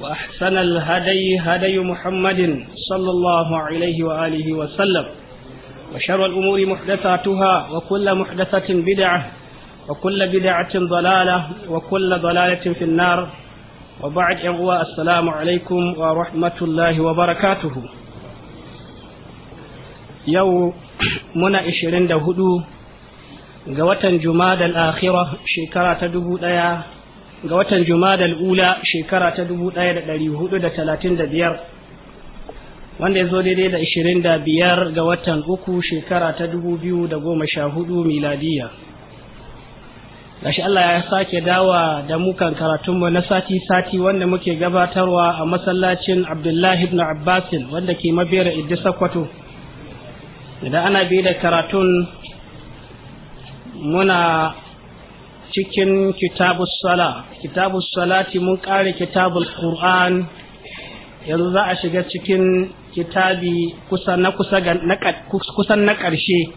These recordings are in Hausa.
وأحسن الهدي هدي محمد صلى الله عليه وآله وسلم وشر الأمور محدثاتها وكل محدثة بدعة وكل بدعة ضلالة وكل ضلالة في النار وبعد إغواء السلام عليكم ورحمة الله وبركاته يو منا إشرين دهدو قوة جماد الآخرة شكرا تدبو ديا ga watan Jumadal Ula shekara ta 1435 wanda ya zo daidai da 25 ga watan uku shekara ta 2014 miladiya. Gashi Allah ya sake dawa da mukan karatunmu na sati-sati wanda muke gabatarwa a masallacin Abdullahi ibn Abbasin wanda ke mabera Iddi Sakwato. Idan ana bi da karatun muna cikin kitabu sala kitabu salati mun kare kitabul qur'an yanzu za a shiga cikin kitabi kusan na ƙarshe karshe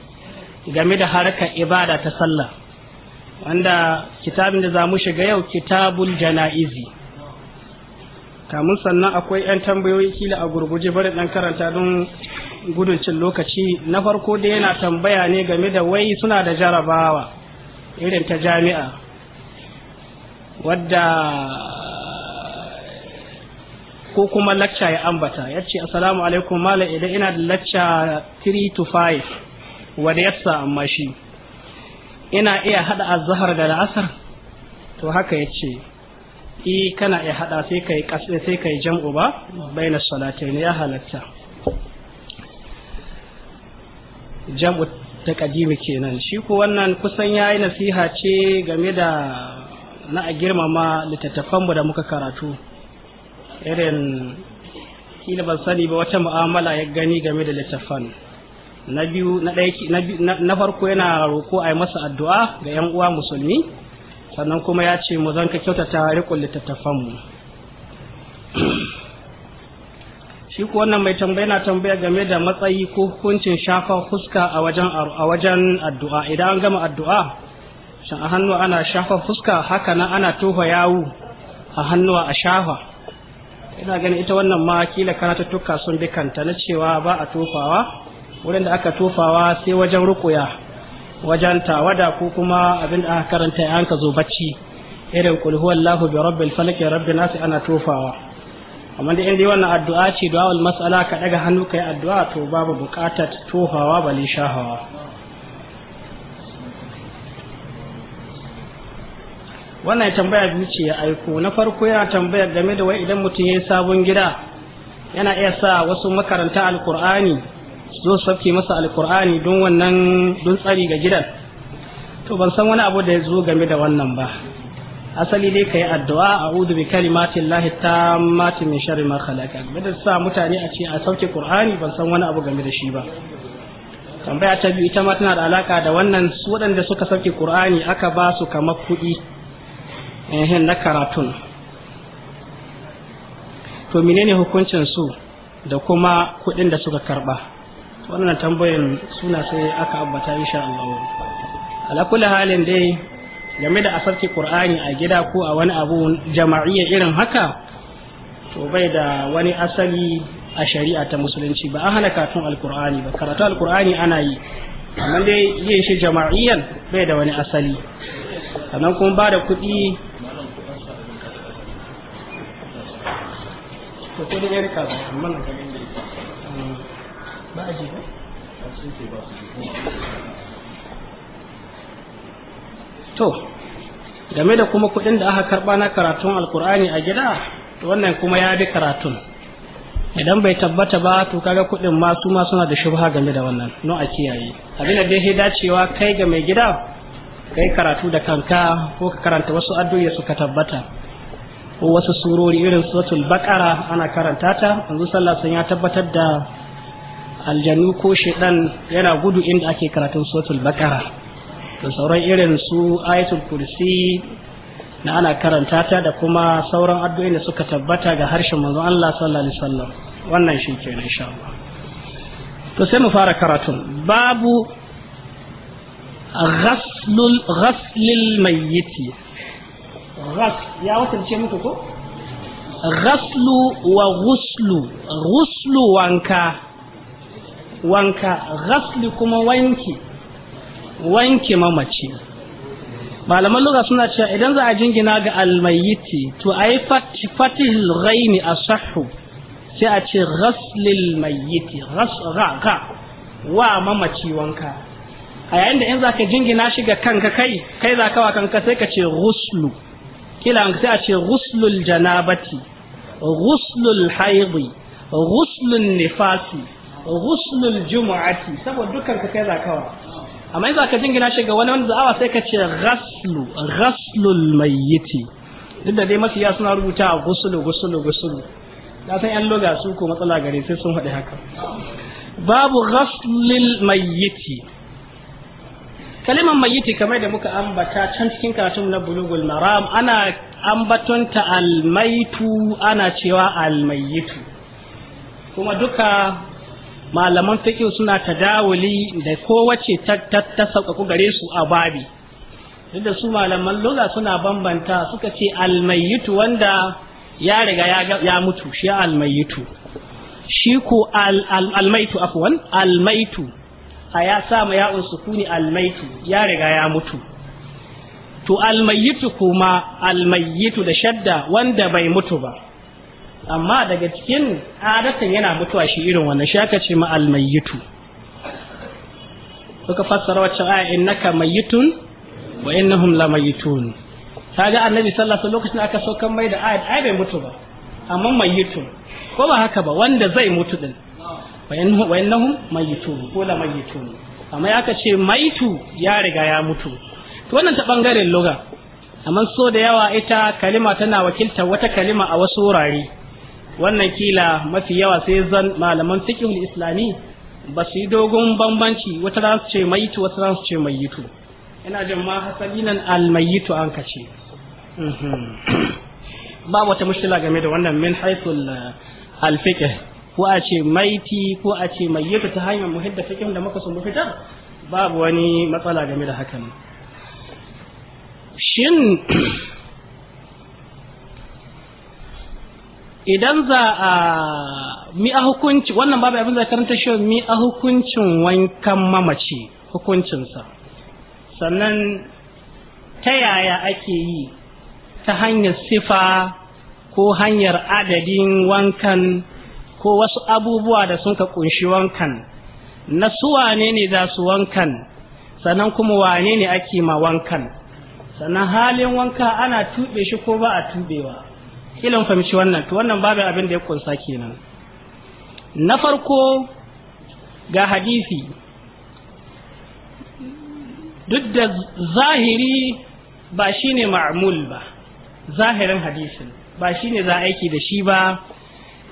game da harkar ibada ta sallah wanda kitabin da za mu shiga yau kitabul jana'izi kamun sannan akwai 'yan tambayoyi kila a gurguje bari dan karanta don gudun cin lokaci na farko da yana tambaya ne game da wai suna da jarabawa irin ta jami'a wadda ko kuma lacca ya ambata ya ce assalamu alaikum malam idan ina da lacca 3 to 5 wadda yassa amma shi ina iya hada azahar da la'asar to haka ya ce i e, kana iya hada sai kai kasai sai kai jam'u ba bainas salatain ya halatta jam'u taqdimi kenan shi ko wannan kusan yayi nasiha ce game da na a girmama littattafan mu da muka karatu irin kila ban sani ba wata mu'amala ya gani game da littattafan na biyu na farko yana roko a yi masa addu'a ga yan uwa musulmi sannan kuma ya ce mu zan ka kyautata rikon littattafan mu shi ko wannan mai tambaya na tambaya game da matsayi ko hukuncin shafa fuska a wajen a wajen addu'a idan an gama addu'a shan a hannu ana shafa fuska haka nan ana tofa yawu a hannuwa a shafa ina ganin ita wannan ma kila karatattuka sun bi na cewa ba a tofawa wurin da aka tofawa sai wajen rukuya wajen tawada ko kuma abin da aka karanta yanka zo bacci irin kulhuwallahu bi rabbil falaki rabbi nasi ana tofawa amma da dai wannan addu'a ce du'awul matsala ka daga hannu ka yi addu'a to babu bukatar tohawa bale shahawa wannan tambaya biyu ce ya aiko na farko yana tambaya game da wai idan mutum ya yi sabon gida yana iya sa wasu makaranta alkur'ani zo sauke masa alkur'ani don wannan don tsari ga gidan to ban san wani abu da ya zo game da wannan ba asali dai ka yi addu'a a udu bi kalimatin lahi mati min shari ma khalaqa da sa mutane a ce a sauke qur'ani ban san wani abu game da shi ba tambaya ta biyu ita ma tana da alaka da wannan su waɗanda suka sauke qur'ani aka ba su kamar kuɗi eh na karatun to menene hukuncin su da kuma kuɗin da suka karɓa. wannan tambayan suna sai aka ambata insha Allah ala kulli halin dai game da a sarki qur'ani a gida ko a wani abu jama'iyya irin haka to bai da wani asali a shari'a ta musulunci ba a hana karatun alqur'ani ba karatu alqur'ani ana yi amma dai yin shi jama'iyyan bai da wani asali sannan kuma ba da kuɗi hmm. ba a ba to game da kuma kuɗin da aka karɓa na karatun alkur'ani a gida wannan kuma ya bi karatun idan bai tabbata ba to kaga kuɗin ma su ma suna da shubha game da wannan no a kiyaye abin da dai dacewa kai ga mai gida kai karatu da kanka ko ka karanta wasu addu'a suka tabbata ko wasu surori irin suratul baqara ana karanta ta yanzu sallah sun ya tabbatar da aljannu ko shedan yana gudu inda ake karatun suratul baqara da sauran irin su ayatul kursi na ana karanta ta da kuma sauran addu'o'in da suka tabbata ga harshen manzon Allah sallallahu alaihi wasallam wannan shi kenan insha Allah to sai mu fara karatu babu ghaslul ghaslil mayyiti ghas ya ce muku ko ghaslu wa ghuslu ghuslu wanka wanka ghasli kuma wanki wanke mamaci malaman lura suna cewa idan za a jingina ga almayiti to a yi fatihil raini a sahu sai a ce ghaslil mayiti ga wa mamaci wanka a yayin da in za ka jingina shi ga kanka kai kai za ka wa kanka sai ka ce ruslu, kila sai a ce ruslul janabati ruslul haidi ruslul nifasi ruslul jumu'ati saboda dukkan ka kai za ka wa amma yanzu aka jingina shi ga wani wanda za'awa sai ka ce ghaslu ghaslul mayyiti duk da dai masu suna rubuta a gusulu gusulu gusulu na san yan loga su ko matsala gare sai sun haɗe haka babu ghaslil mayyiti kalimar mayyiti kamar da muka ambata can cikin karatun na bulugul maram ana ambatonta almaitu ana cewa almayitu kuma duka malaman fiqh suna tadawuli da kowace ta ta sauƙaƙu gare su a babi duk da su malaman lugha suna bambanta suka ce almayitu wanda ya riga ya mutu shi almayitu shi ko almaitu afwan almaitu a ya sama ya'un sukuni almaitu ya riga ya mutu to almayitu kuma almayitu da shadda wanda bai mutu ba amma daga cikin adatan yana mutuwa shi irin wannan shi aka ce ma'al almayyitu suka fassara wacce aya innaka mayyitun wa innahum lamayyitun kaga annabi sallallahu alaihi lokacin aka kan mai da ayat ai bai mutu ba amma mayyitun ko ba haka ba wanda zai mutu din wa innahum mayyitun ko la lamayyitun amma aka ce maitu ya riga ya mutu to wannan ta bangaren loga amma so da yawa ita kalima tana wakiltar wata kalima a wasu wurare wannan kila mafi yawa sai zan malaman fiqhul islami ba su yi dogon bambanci wata ran su ce mayitu wata ran su ce mayitu ina jin ma hasali nan almayitu an kace mhm. ba wata mushkila game da wannan min al eh, alfiqh ko a ce maiti ko a ce mayitu ta hanyar muhidda fiqh da muka so mu fitar babu wani matsala game da hakan shin idan za a mi a hukunci wannan babu abin da karanta shi mi a hukuncin wankan mamaci hukuncinsa sannan ta yaya ake yi ta hanyar sifa ko hanyar adadin wankan ko wasu abubuwa da sun ka kunshi wankan na su wane ne za su wankan sannan kuma wane ne ake ma wankan sannan halin wanka ana tuɓe shi ko ba a tuɓewa kila fahimci wannan to wannan babu abin da ya kunsa kenan na farko ga hadisi duk da zahiri ba ne ma'mul ba zahirin hadisin ba shine za aiki da shi ba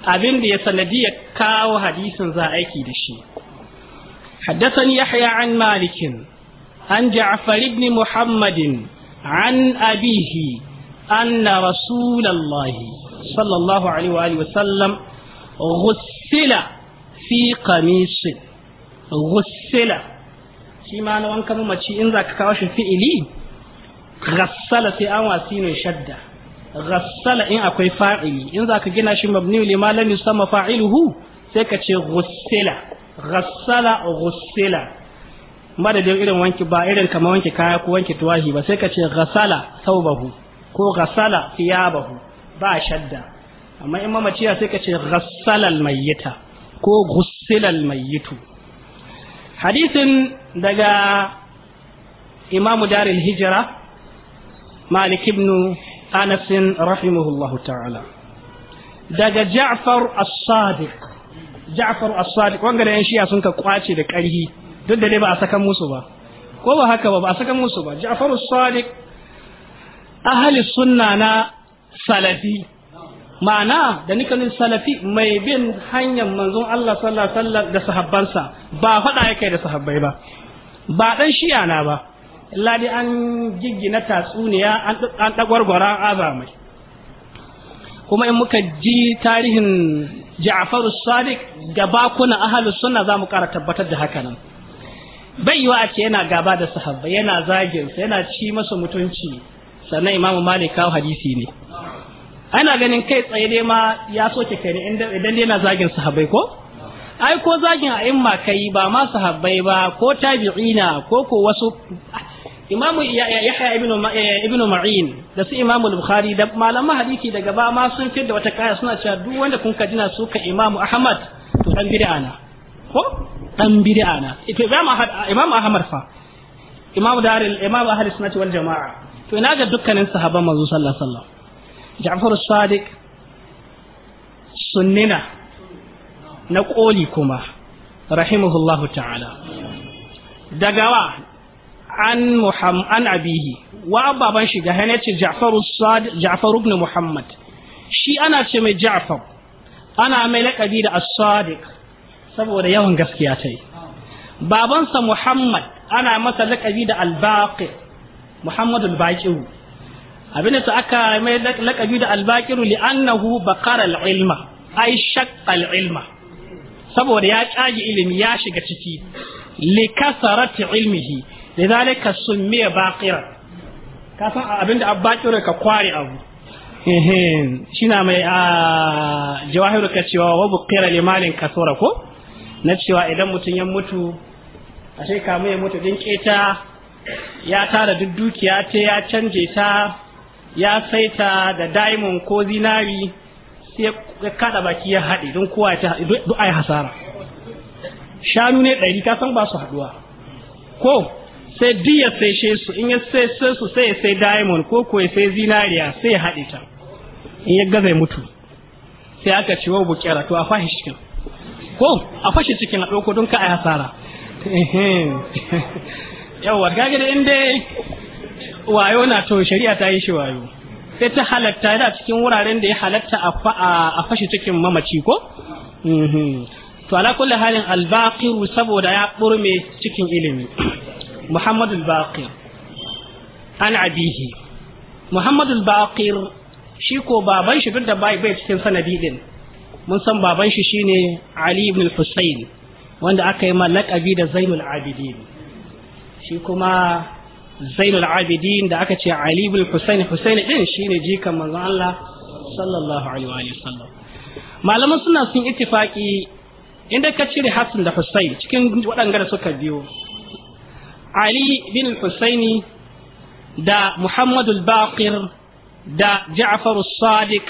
abin da ya sanadiyar kawo hadisin za aiki da shi حدثني يحيى عن مالك عن جعفر بن محمد عن أبيه anna rasulallahi sallallahu alaihi wa sallam ghussila fi qamisin ghussila shi ma na wanka mamaci in za ka kawo shi fi'ili rasala sai an wasi ne shadda rasala in akwai fa'ili in za ka gina shi mabni lima lam yusamma fa'iluhu sai ka ce ghussila ghassala ghussila madadin irin wanki ba irin kamar wanke kaya ko wanke tuwahi ba sai ka ce ghassala saubahu ko ghassala thiyabahu ba shadda amma in mamaciya sai ka ce ghassala almayyita ko ghussila almayyitu hadisin daga imamu daril hijra malik ibn anas rahimahullahu ta'ala daga ja'far as-sadiq ja'far as-sadiq wanga da yan shiya sun ka kwace da karhi duk da dai ba a saka musu ba ko ba haka ba ba a saka musu ba ja'far as-sadiq Ahali sunna na salafi ma'ana da nikanin salafi mai bin hanyar manzon Allah sallallahu alaihi da sahabbansa ba faɗa yake da sahabbai ba ba dan shi'a na ba illa dai an giggina tatsuniya an dagwargwara azamai kuma in muka ji tarihin Ja'faru Sadiq da bakuna ahli sunna za mu kara tabbatar da haka nan bai yiwa a ce yana gaba da sahabbai yana zagin yana ci masa mutunci sannan imamu malik kawo hadisi ne ana ganin kai tsaye dai ma ya soke kai ne idan dai na zagin sahabbai ko ai ko zagin a imma kai ba ma sahabbai ba ko tabi'ina ko ko wasu imamu yahya ibn ibn ma'in da su imamu bukhari da malaman hadisi daga ba ma sun fitar da wata kaya suna cewa duk wanda kun ka jina ka imamu ahmad to dan bid'a na ko dan bid'a na imamu ahmad fa imamu daril imamu ahlus sunnah wal jamaa to ina ga dukkanin sahabban manzo sallallahu alaihi wasallam Ja'far Sadiq sunnina na koli kuma rahimahullahu ta'ala dagawa an muhammad an abihi wa baban shi ga hane ce Ja'far Sadiq Ja'far ibn Muhammad shi ana ce mai Ja'far ana mai lakabi da As-Sadiq saboda yawan gaskiya ta yi babansa Muhammad ana masa lakabi da al Muhammadu baqiru abin da aka mai lakabi da albaqiru li'annahu baqara al-ilma ai shaqqa al-ilma saboda ya tsage ilimi ya shiga ciki li kasarati ilmihi lidhalika summiya baqira ka san abin da abbaqiru ka kware abu shina mai a jawahiru ka cewa wa buqira limalin kasura ko na cewa idan mutum ya mutu ashe ka ya mutu din keta ya tara duk dukiya ta ya canje ta ya saita da diamond ko zinari sai ya kada baki ya haɗe don kowa ya duk ai hasara shanu ne ɗari ka san ba su haɗuwa ko sai duk ya she su in ya sai su sai sai diamond ko ko ya sai zinariya sai ya haɗe ta in ya gaza ya mutu sai aka ce wa bukera to a fashi cikin ko a fashe cikin a ɗauko don ka ai hasara yawwa kage da inda wayo na to shari'a ta yi shi wayo sai ta halatta yana cikin wuraren da ya halatta a fashe cikin mamaci ko mhm. to ala kulli halin albaqiru saboda ya burme cikin ilimi muhammad albaqir an abihi muhammad albaqir shi ko baban shi duk da bai bai cikin sanadi din mun san baban shi shine ali ibn al-husayn wanda aka yi ma laqabi da zainul abidin shi kuma zainul abidin da aka ce ali bin husaini husaini shi shine jikan manzon Allah sallallahu alaihi wa sallam malaman suna sun ittifaki inda ka cire Hassan da Husain cikin waɗanda da suka biyo Ali bin Husaini da Muhammadu Baqir da Ja'far Sadiq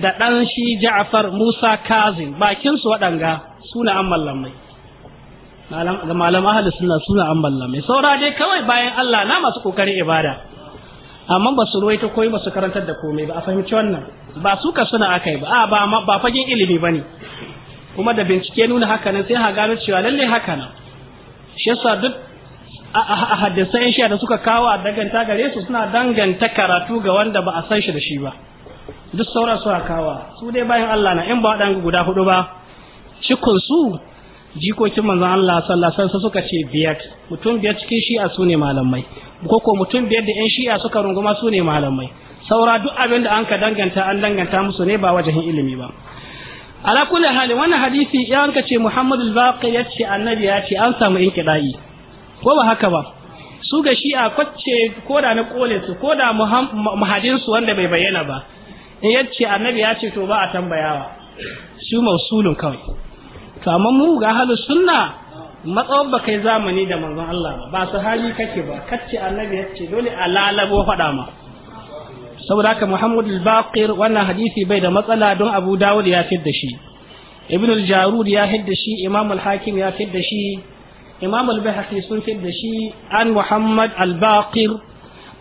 da ɗan shi Ja'far Musa Kazim bakin su waɗanga suna an mallamai ga malam ahli sunna suna an Mai saura dai kawai bayan Allah na masu kokarin ibada amma ba su ruwaita koyi ba su karantar da komai ba a fahimci wannan ba su ka suna akai ba a ba ba fagen ilimi ba ne. kuma da bincike nuna haka sai ha gano cewa lalle haka nan shi yasa duk a hadisan shiya da suka kawo a daganta gare su suna danganta karatu ga wanda ba a san shi da shi ba duk sauran suna kawo su dai bayan Allah na in ba waɗanda guda hudu ba cikin jikokin manzon Allah sallallahu alaihi wasallam suka ce biyar mutum biyar cikin shi'a sune malamai ko ko mutum biyar da yan shi'a suka runguma su malamai saura duk abin da an ka danganta an danganta musu ne ba wajen ilimi ba ala kulli hali wannan hadisi ya anka ce Muhammadu al-Baqi ya ce annabi ya ce an samu inkida'i ko ba haka ba su ga shi'a kwace ko da na kole su ko da muhadin su wanda bai bayyana ba in yace annabi ya ce to ba a tambayawa su mausulun kawai to amma mu ga halus sunna matsawar ba kai zamani da manzon Allah ba su hali kake ba kacce annabi yace dole a lalabo faɗa ma saboda haka Muhammad al-Baqir wannan hadisi bai da matsala don Abu Dawud ya fidda shi Ibn al-Jarud ya fidda shi Imam al-Hakim ya fidda shi Imam al-Baihaqi sun fidda shi an Muhammad al-Baqir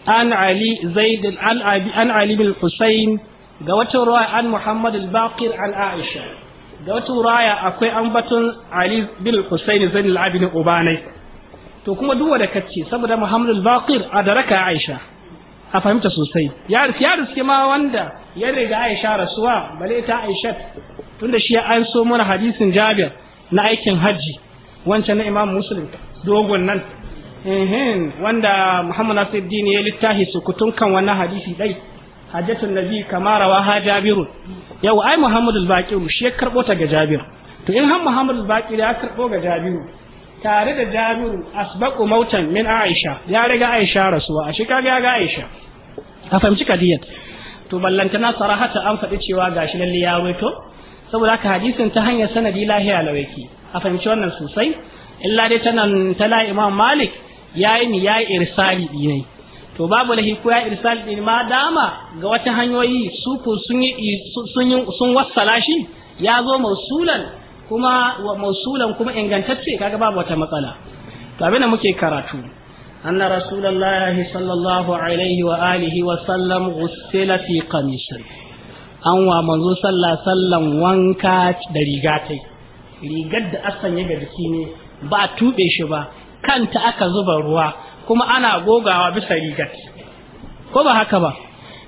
an Ali Zaid an Ali bin Husayn ga wata ruwa an Muhammad al-Baqir an Aisha ga wata raya akwai ambaton ali bin husaini zan al-abidin ubanai to kuma duk wanda kace saboda muhammad al-baqir adaraka aisha a fahimta sosai ya ya riske ma wanda ya riga aisha rasuwa bale ta aisha tunda shi an so mana hadisin jabir na aikin hajji wancan na imam muslim dogon nan wanda muhammad nasiruddin ya littafi sukutun kan wannan hadisi dai hajjatun nabi kama rawaha jabirun yau ai muhammadu baqiru shi ya karbo ta ga jabir to in har muhammadu baqiru ya karbo ga jabiru tare da jabiru asbaqu mautan min aisha ya riga aisha rasuwa a shi kaga ga aisha a fahimci kadiyat to ballantana sarahata an faɗi cewa gashi lalle ya waito saboda haka hadisin ta hanyar sanadi lahiya lawaki a fahimci wannan sosai illa dai tana tala imam malik yayi ni yayi irsali dinai to babu lahi ko ya irsal din ma dama ga wata hanyoyi su ko sun yi sun yi sun wassala shi ya zo mausulan kuma wa mausulan kuma ingantacce kaga babu wata matsala to abin da muke karatu anna rasulullahi sallallahu alaihi wa alihi wa sallam ghusila fi قميصه an wa manzo sallah sallan wanka da rigatai rigar da asan ya ga jiki ne ba a shi ba kanta aka zuba ruwa kuma ana gogawa bisa rigar ko ba haka ba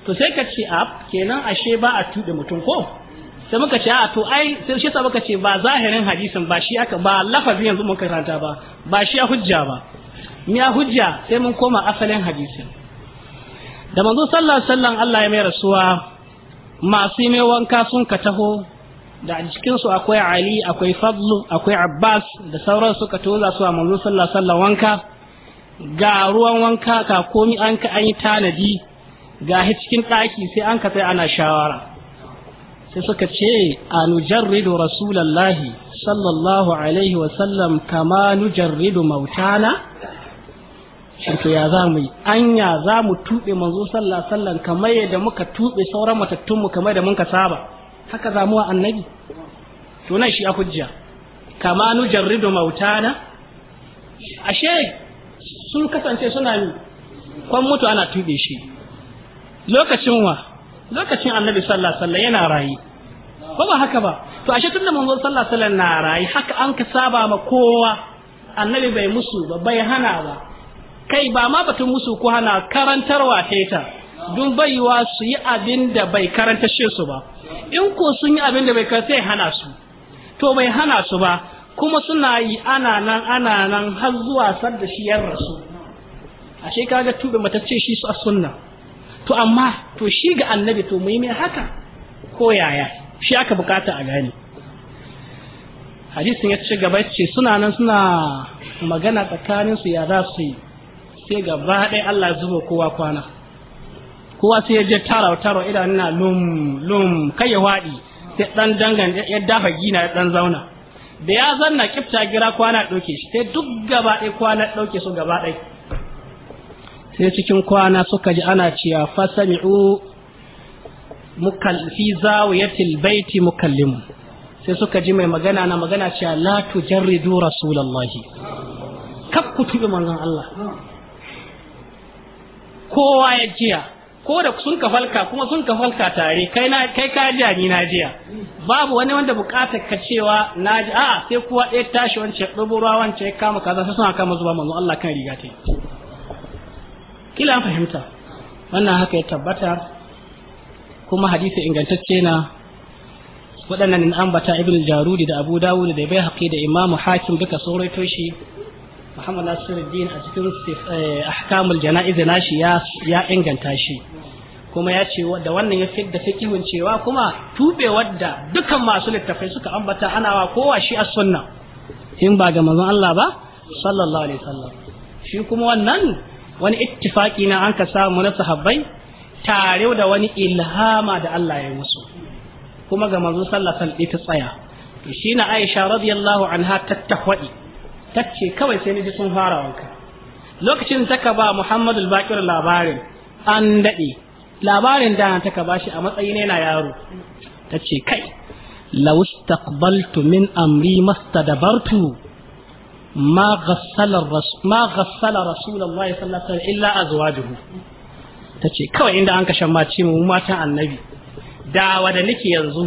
to sai ka ce a kenan ashe ba a tuɗe mutum ko sai muka ce a to ai sai shi ka ce ba zahirin hadisin ba shi aka ba lafazin yanzu mun karanta ba ba shi ya hujja ba ni a hujja sai mun koma asalin hadisin da manzo sallallahu alaihi Allah ya mai rasuwa masu yi wanka sun ka taho da a su akwai Ali akwai Fadlu akwai Abbas da sauran suka za su manzo sallallahu alaihi wanka ga ruwan wanka ka komi an ka an yi tanadi ga cikin ɗaki sai an ka ana shawara sai suka ce a nujarridu rasulallahi sallallahu alaihi wasallam kama nujarridu mautana shinto ya za mu yi anya za mu tuɓe manzo sallah sallan kamar yadda muka tuɓe sauran matattunmu kamar da muka saba haka za mu wa annabi to nan shi a hujja kama nujarridu mautana ashe sun kasance suna yi kwan mutu ana tuɓe shi lokacin wa lokacin annabi sallallahu alaihi wasallam yana rayi Ko ba haka ba to ashe tunda manzo sallallahu alaihi wasallam na rayi haka an ka saba ma kowa annabi bai musu ba bai hana ba kai ba ma batun musu ko hana karantarwa taita dun baiwa su yi abin da bai karanta shi su ba in ko sun yi abin da bai karanta hana su to bai hana su ba kuma suna yi ana nan ana nan har zuwa da shi yan rasu ashe kaga tube matace shi su sunna to amma to shi ga annabi to mu mai haka ko yaya shi aka bukata a gane hadisin ya ci gaba ce suna nan suna magana tsakanin su ya za su yi sai gaba ɗaya Allah zuba kowa kwana kowa sai ya je tara tara idan na lum lum kai ya waɗi sai ɗan dangan ya dafa gina ya ɗan zauna da ya zanna kifta gira kwana ɗauke shi sai duk gaba ɗaya kwana ɗauke su gaba ɗaya sai cikin kwana suka ji ana cewa fasami'u fi zawiyatil baiti mukallim sai suka ji mai magana na magana cewa la tujarridu rasulullahi kak ku tuɓe manzon Allah kowa ya jiya ko da sun ka falka kuma sun ka falka tare kai na kai ka jiya ni na jiya babu wani wanda bukatar ka cewa na ji a sai kuwa ɗaya tashi wancan ɗubura wancan ya kama kaza sai suna kama zuwa manzo Allah kan riga ta kila an fahimta wannan haka ya tabbata kuma hadisi ingantacce na waɗannan in ambata ibnu jarudi da abu dawud da bai haƙi da imamu hakim duka sun Muhammad Nasiruddin a cikin eh, ahkamul jana'iz nashi ya inganta shi kuma ya ce da wannan ya fidda fikihun cewa kuma tube wadda dukan masu littafai suka ambata ana wa kowa shi as-sunna in ba ga manzon Allah ba sallallahu alaihi wasallam shi kuma wannan wani ittifaki na an ka samu na sahabbai tare da wani ilhama da Allah ya yi musu kuma ga manzon sallallahu alaihi wasallam ita tsaya to shi na Aisha radiyallahu anha tattahwadi tacce kawai sai ji sun fara wanka lokacin taka ba Muhammadu Bakir labarin an dade labarin da taka bashi a matsayin yana yaro tace kai law min amri mastadbartu da bartu ma ghassala rasulullahi sallallahu alaihi wasallam illa azwajuhu tace kawai inda an kashe mace mu matan annabi dawa da nake yanzu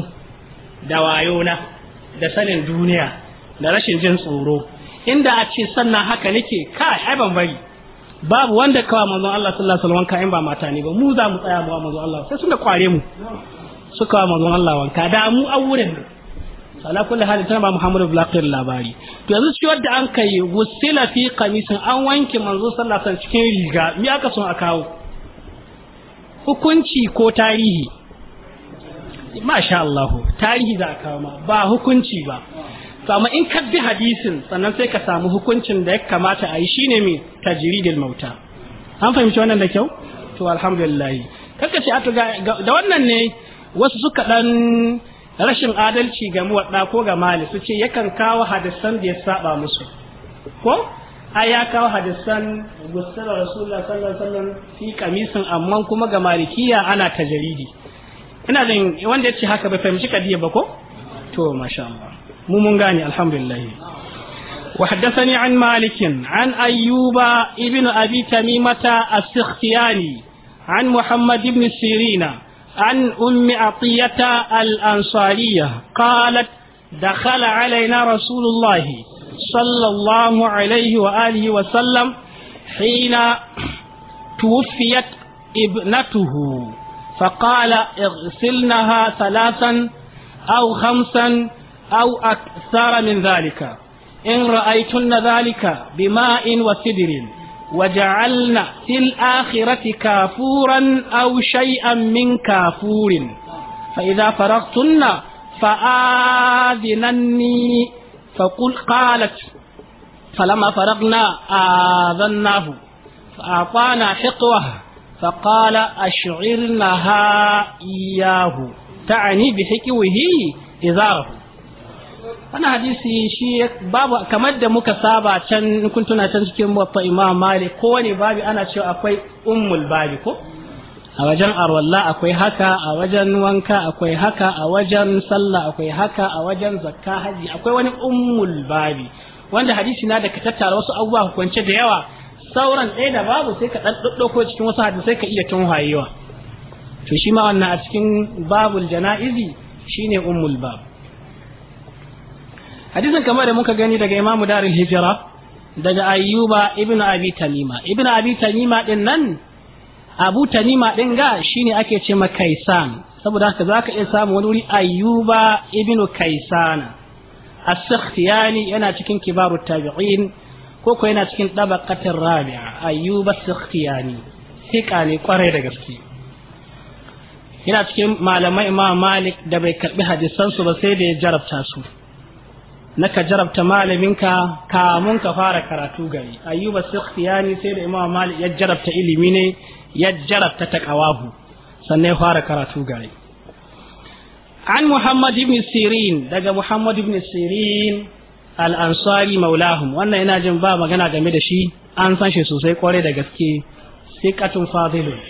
da wayona da sanin duniya da rashin jin tsoro inda a ce sannan haka nake ka ai ban bari babu wanda kawa manzon Allah sallallahu alaihi wasallam in ba mata ne ba mu za mu tsaya mu manzon Allah sai sun da kware mu suka wa manzon Allah wanka da mu a wurin ala kulli hali tana ba Muhammadu Bulaqir labari to yanzu shi wanda an kai wusila fi qamisin an wanke manzon sallallahu alaihi wasallam cikin riga me aka son a kawo hukunci ko tarihi masha Allah tarihi za a kawo ma ba hukunci ba to amma in ka bi hadisin sannan sai ka samu hukuncin da ya kamata a yi shine mai tajridil mauta an fahimci wannan da kyau to alhamdulillah kaka ce ato da wannan ne wasu suka dan rashin adalci ga muwadda ko ga mali su ce yakan kawo hadisan da ya saba musu ko ai ya kawo hadisan gusar rasulullah sallallahu alaihi wasallam fi kamisin amma kuma ga malikiya ana tajridi ina jin wanda ya ce haka bai fahimci kadiya ba ko to masha Allah mu الحمد لله وحدثني عن مالك عن أيوب ابن أبي تميمة السختياني عن محمد بن سيرين عن أم عطية الأنصارية قالت دخل علينا رسول الله صلى الله عليه وآله وسلم حين توفيت ابنته فقال اغسلنها ثلاثا أو خمسا أو أكثر من ذلك إن رأيتن ذلك بماء وسدر وجعلنا في الآخرة كافورا أو شيئا من كافور فإذا فرغتن فآذنني فقل قالت فلما فرغنا آذناه فأعطانا حقوه فقال أشعرنها إياه تعني بحكوه إذاره wannan hadisi shi babu kamar da muka saba can kun tuna can cikin wafa imam malik kowane babi ana cewa akwai ummul babi ko a wajen arwalla akwai haka a wajen wanka akwai haka a wajen sallah akwai haka a wajen zakka haji akwai wani ummul babi wanda hadisi na da ka tattara wasu abubuwa hukunce da yawa sauran ɗaya da babu sai ka ko cikin wasu hadisi sai ka iya tun hayewa to shi ma wannan a cikin babul jana'izi shine ummul babu. hadisin kamar da muka gani daga imamu Darin hijira daga ayyuba ibnu abi tamima ibnu abi tamima din nan abu tamima din ga shine ake ce ma kaisan saboda haka zaka iya samu wani wuri ayyuba ibnu kaisana as-sakhtiyani yana cikin kibarut tabi'in ko ko yana cikin dabaqatir rabi'a ayyuba as-sakhtiyani sika ne kwarai da gaske yana cikin malamai imam malik da bai karbi hadisan su ba sai da ya jarabta su na ka jarabta malaminka kamun ka fara karatu gari ayyuba sikhtiyani sai da imam malik ya jarabta ilimi ne ya jarabta taqawahu sannan ya fara karatu gari an muhammad ibn sirin daga muhammad ibn sirin al-ansari maulahum wannan ina jin ba magana game da shi an san shi sosai kware da gaske siqatun fadilun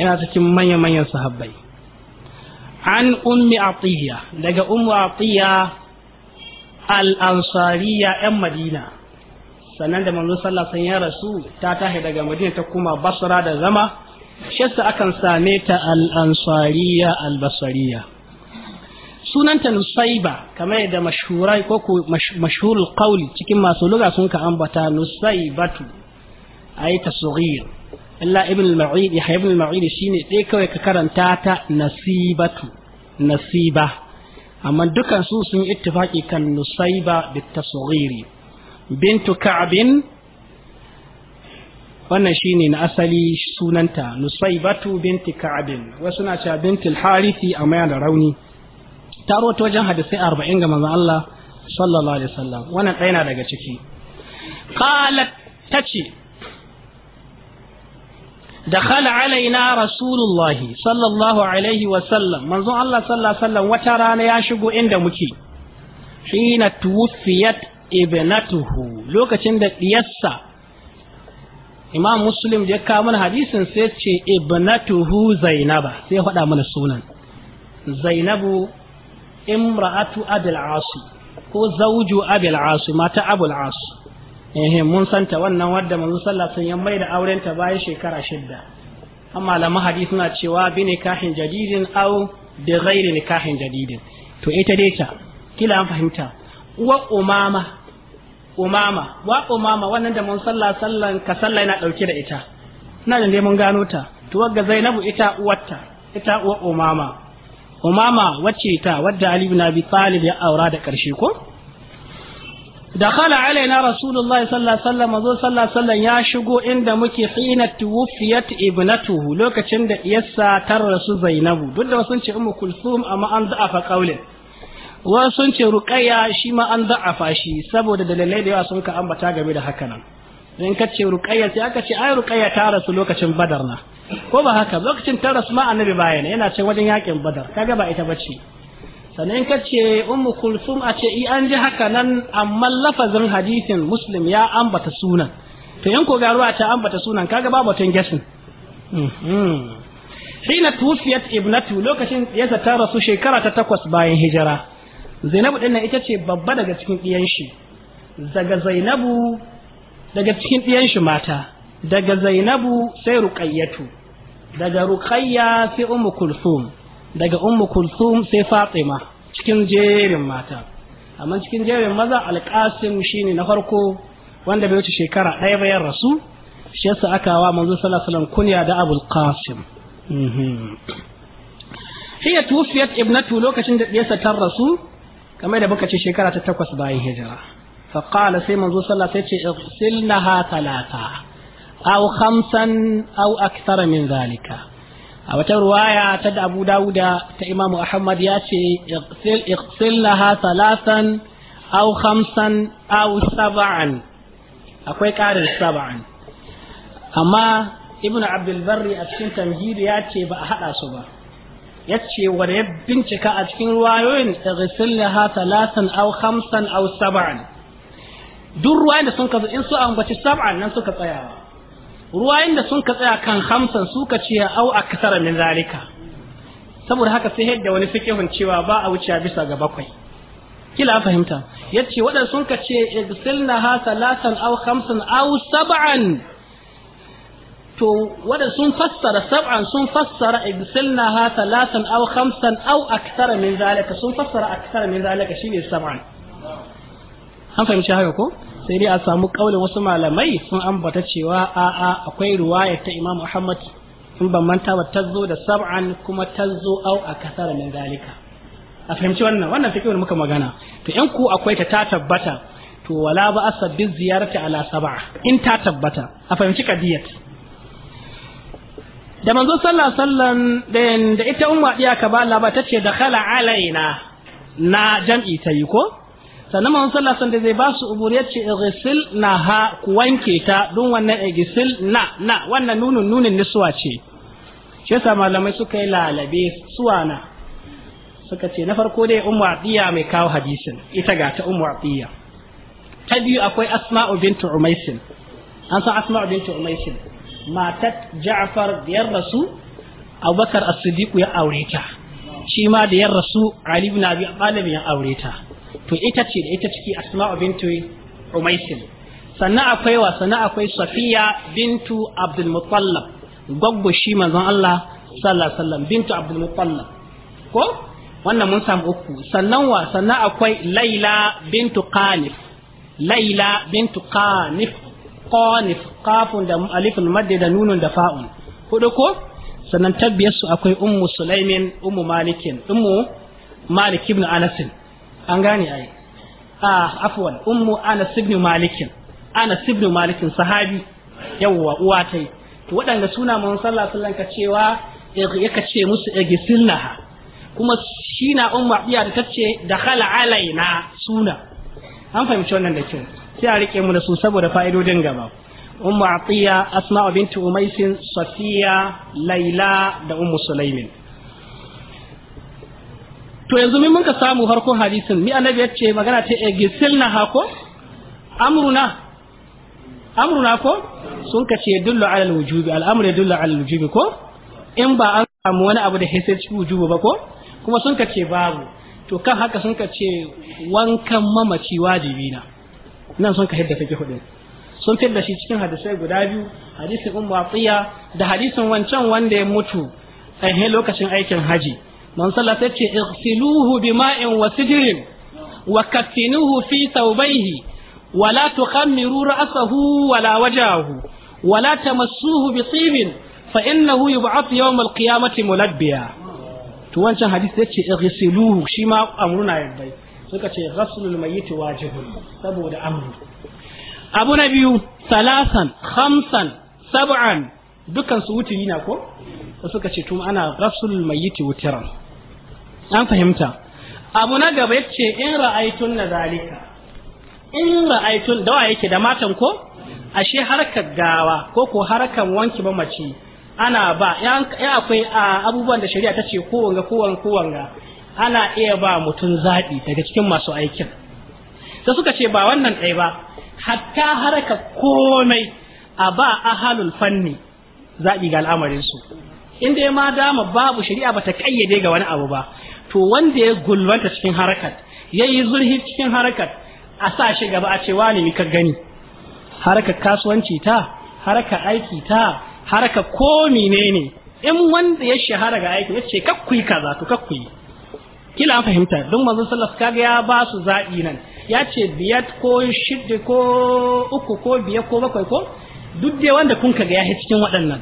yana cikin manya-manyan sahabbai an ummi atiya daga ummu atiya al-ansariya yan madina sannan da manzo sallallahu ya rasu ta tahi daga madina ta kuma basra da zama shasta akan same ta al'ansariya albasariya. basariya sunanta nusaiba kamar da mashhurai ko ku mashhurul qawli cikin masu lugha sun ka ambata nusaibatu ayi tasghir illa ibn al-ma'id ibn al-ma'id shine dai kawai ka karanta ta nasibatu nasiba amma dukan su sun ittifaki kan nusaiba bitasghiri bintu ka'bin wannan shine na asali sunanta nusaibatu binti ka'bin wasu na cewa bintul harithi amma yana rauni ta rawato wajen hadisai 40 ga manzon Allah sallallahu alaihi wasallam wannan ɗaya na daga ciki qalat tace دخل علينا رسول الله صلى الله عليه وسلم منذ الله صلى الله عليه وسلم وترانا يشغو عند مكي حين توفيت ابنته لوكacin da ɗiyarsa. Imam Muslim da ya kawo mana hadisin sai ce ibnatuhu Zainaba sai ya faɗa mana sunan Zainabu imra'atu Abil ko zawju Abil mata Abul Ehe mun santa wannan wadda manzo sallallahu alaihi wasallam mai da auren ta bayan shekara shidda amma malaman hadisi suna cewa bi nikahin jadidin aw bi ghairi nikahin jadidin to ita dai ta kila an fahimta wa umama umama wa umama wannan da mun sallallahu sallan ka sallah yana dauke da ita ina da dai mun gano ta to wagga zainabu ita uwarta ita uwa umama umama wacce ta wadda ali ibn abi talib ya aura da karshe ko دخل علينا رسول الله صلى الله عليه وسلم مزو صلى الله عليه وسلم يا شغو عند مكي حين توفيت ابنته لوكacin da iyassa ta rasu Zainabu duk da sun ce ummu kulsum amma an da'afa qaulin wa sun ce ruqayya shi ma an da'afa shi saboda dalilai da yawa sun ka ambata game da haka nan in ka ce ruqayya sai aka ce ai Rukayya ta rasu lokacin badar na ko ba haka lokacin ta rasu ma annabi bayan yana ce wajen yakin badar kaga ba ita bace sannan ka ce ummu kulsum a ce an ji haka nan amma lafazin hadisin muslim ya ambata sunan to yanko garuwa ta ambata sunan kaga ba batun gasin mm-hmm. hina tufiyat ibnatu lokacin yasa ta rasu shekara ta takwas bayan hijira zainabu dinnan ita ce babba daga cikin ɗiyan shi daga zainabu daga cikin ɗiyan shi mata daga zainabu sai Rukayyatu daga Rukayya sai ummu kulsum daga ummu kulthum sai fatima cikin jerin mata amma cikin jerin maza alqasim shine na farko wanda bai wuce shekara ɗaya bayan rasu shi yasa aka wa manzo sallallahu alaihi kunya da abul qasim mhm. hiya tuwfiyat ibnatu lokacin da diyarsa ta rasu kamar da muka ce shekara ta takwas bayan hijira fa qala sai manzo sallallahu alaihi wasallam sai ce silnaha talata aw khamsan aw akthara min zalika a wata ruwaya ta da abu dawuda ta imamu ahmad ya ce iqsil salasan aw khamsan aw sab'an akwai karin sab'an amma ibnu abdul barri a cikin tamhidi ya ce ba a hada su ba ya ce wanda ya bincika a cikin ruwayoyin iqsil laha salasan aw khamsan aw sab'an duk ruwayan da sun kazo in su ambaci sab'an nan suka tsayawa ruwayen da sun ka tsaya kan hamsan suka ce au a kasara min zalika saboda haka sai yadda wani fikihun cewa ba a wuce bisa ga bakwai kila fahimta ce waɗanda sun ka ce igsilna ha salatan au khamsan au sab'an to waɗanda sun fassara sab'an sun fassara igsilna ha salatan au khamsan au akthara min zalika sun fassara akthara min zalika shine sab'an an fahimci haka ko sai dai a samu kaulin wasu malamai sun ambata cewa a'a akwai ruwaya ta Imam Muhammad in ban manta ba zo da sab'an kuma zo au a kasar min zalika a fahimci wannan wannan fiqh muka magana to in ku akwai ta ta tabbata to wala ba asa ziyarati ala sab'a in ta tabbata a fahimci kadiyat da manzo sallallahu sallan da ita umma diya ka ba Allah ba tace da khala alaina na jam'i tayi ko sannan mawan sallah alaihi da zai ba su uburiyar ce igsil na ha ku wanke ta don wannan igisil na na wannan nunun nunin nisuwa ce shi yasa malamai suka yi lalabe suwana suka ce na farko dai ummu atiya mai kawo hadisin ita ga ta ummu atiya ta biyu akwai asma'u bintu umaisin an san asma'u bintu umaisin matat ja'far biyar rasu abubakar as-siddiq ya aure ta shi ma da ya rasu ali ibn abi talib ya aure ta to ita ce da ita ciki asma'u bintu umaisin sannan akwai wa sannan akwai safiya bintu abdul muttalib gwaggo shi manzon Allah sallallahu alaihi wasallam bintu abdul muttalib ko wannan mun samu uku sannan wa sannan akwai laila bintu qanif laila bintu qanif qanif qafun da alifun madda da nunun da fa'un hudu ko sannan tabbiyar su akwai ummu sulaimin ummu malikin ummu malik ibn anasin an gane ai a ah, afwan ummu ana ibn malikin, ana ibn malikin sahabi yawwa uwa tai to waɗanda suna mun sallah sallan ka cewa eh, yaka ce musu igisilnaha eh, kuma shi na umma da tace da alaina suna an fahimci wannan da kyau sai a rike mu da su saboda fa'idodin gaba ummu atiya asma bintu umaysin safiya laila da ummu sulaimin to yanzu min muka samu harkon hadisin mi annabi yace magana ta eh, gisilna hako amruna amruna ko sun kace yadullu ala alwujubi al'amru yadullu ala alwujubi ko in ba an samu wani abu da hisaci wujubu ba ko kuma sun kace babu to kan haka sun kace wankan mamaci wajibi na nan sun ka hidda take hudin sun fitar da shi cikin hadisai guda biyu hadisin ummu atiya da hadisin wancan wanda ya mutu a eh, lokacin aikin haji man sallah sai ce ighsiluhu bima'in wa sidrin wa kaffinuhu fi thawbayhi wa la tukhammiru ra'sahu wa la wajahu wa la tamassuhu bi tibin fa innahu yub'ath yawm al-qiyamati mulabbiya to wancan hadisi sai ce ighsiluhu shi ma amruna yaddai suka ce ghaslul mayyit wajibun saboda amru abu na biyu salasan khamsan sab'an dukan su wutiri na ko suka ce tun ana rasul mai yi tiwutiran an fahimta abu na gaba yace in ra'aytun na in ra'aytun dawa yake da matan ko ashe harkar gawa ko ko harkar wanki ba mace ana ba ya akwai abubuwan da shari'a ta ce kowanga kowanga kowanga ana iya ba mutum zaɓi daga cikin masu aikin sai suka ce ba wannan ɗaya ba hatta haraka komai a ba ahalul fanni zaɓi ga al'amarinsu in dai ma dama babu shari'a bata kayyade ga wani abu ba to wanda ya gulwanta cikin harakat ya yi zurhi cikin harakat a sa shi gaba a ce wani ni ka gani harakar kasuwanci ta harakar aiki ta harakar ne ne. in wanda ya shahara ga aiki ya ce kakkuyi kaza to kakkuyi kila an fahimta don manzon sallallahu kaga ya ba su zaɓi nan ya ce biyar ko shidda ko uku ko biyar ko bakwai ko duk dai wanda kun kaga ya cikin waɗannan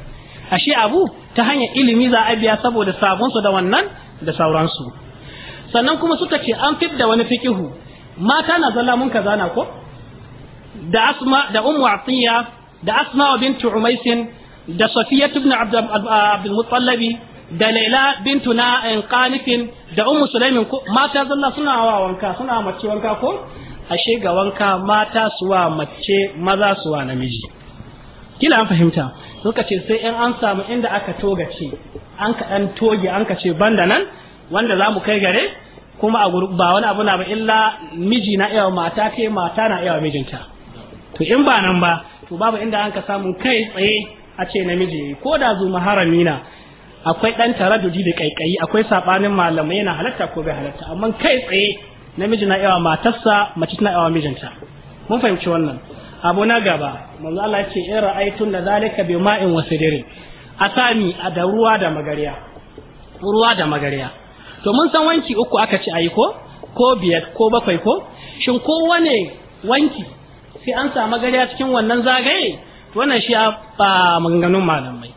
ashe abu ta hanyar ilimi za a biya saboda sabon su da wannan da sauransu sannan kuma suka ce an da wani fikihu mata na zalla mun kaza na ko da asma da ummu atiya da asma Bintu umaisin da safiya ibn abd mutallabi da laila bintu na qanifin da ummu sulaimin mata zalla suna wa wanka suna mace wanka ko ashe ga wanka mata suwa mace maza suwa namiji kila an fahimta suka ce sai in an samu inda aka ce an ka toge an ka ce da nan wanda za mu kai gare kuma a ba wani abu na ba illa miji na iya mata ke mata na iya mijinta to in ba nan ba to babu inda an ka samu kai tsaye a ce namiji ko da zu maharami na akwai ɗan taraddudi da kaikayi akwai saɓanin malamai na halatta ko bai halatta amma kai tsaye namiji na iya matarsa mace na iya mijinta mun fahimci wannan abu na gaba manzo Allah ya ce in ra'aytun da zalika bi ma'in wa a sami da ruwa da magariya ruwa da magariya to mun san wanki uku aka ci ayi ko ko biyar ko bakwai ko shin ko wane wanki sai an sa magariya cikin wannan zagaye to wannan shi a maganganun malamai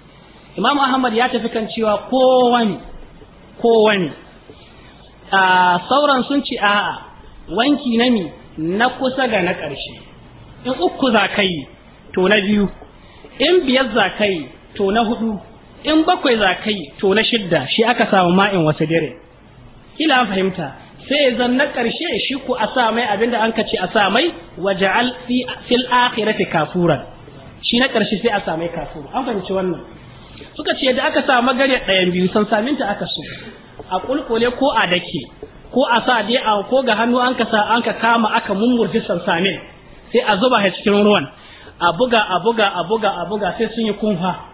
imam ahmad ya tafi kan cewa ko wani a sauran sun ci a'a wanki na mi na kusa ga na ƙarshe in uku za ka to na biyu in biyar za ka to na hudu in bakwai za ka yi to na shidda shi aka samu ma'in wasu dare kila an fahimta sai zan na karshe shi ku a sa mai abinda an ka ce a sa mai waje fil akhirati kafuran shi na ƙarshe sai a sa mai an fahimci wannan suka ce da aka sa gare ɗayan biyu san saminta aka so a kulkule ko a dake ko a sa dai a ko ga hannu an ka kama aka mummurfi sansamin sai a zuba shi cikin ruwan a buga a buga a buga a buga sai sun yi kunfa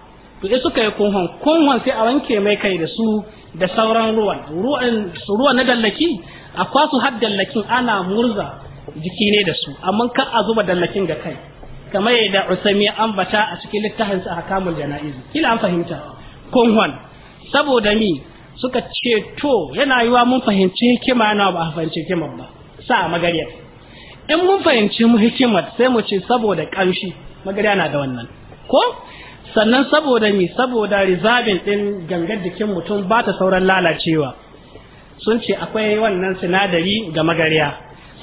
to sai suka yi kunhon kunhon sai a wanke mai kai da su da sauran ruwan ruwan ruwan na dallaki a kwasu har dallakin ana murza jiki ne da su amma kar a zuba dallakin ga kai kamar yadda Usaimi ambata a cikin littafin sa hakamul janaiz kila an fahimta kunhon saboda mi suka ce to yana yiwa mun fahimci hikima na ba a fahimci hikimar ba sa magariyar in mun fahimci mu hikimar sai mu ce saboda kamshi magariya na da wannan ko sannan saboda mi saboda rizabin din gangar jikin mutum ba ta sauran lalacewa sun ce akwai wannan sinadari ga magariya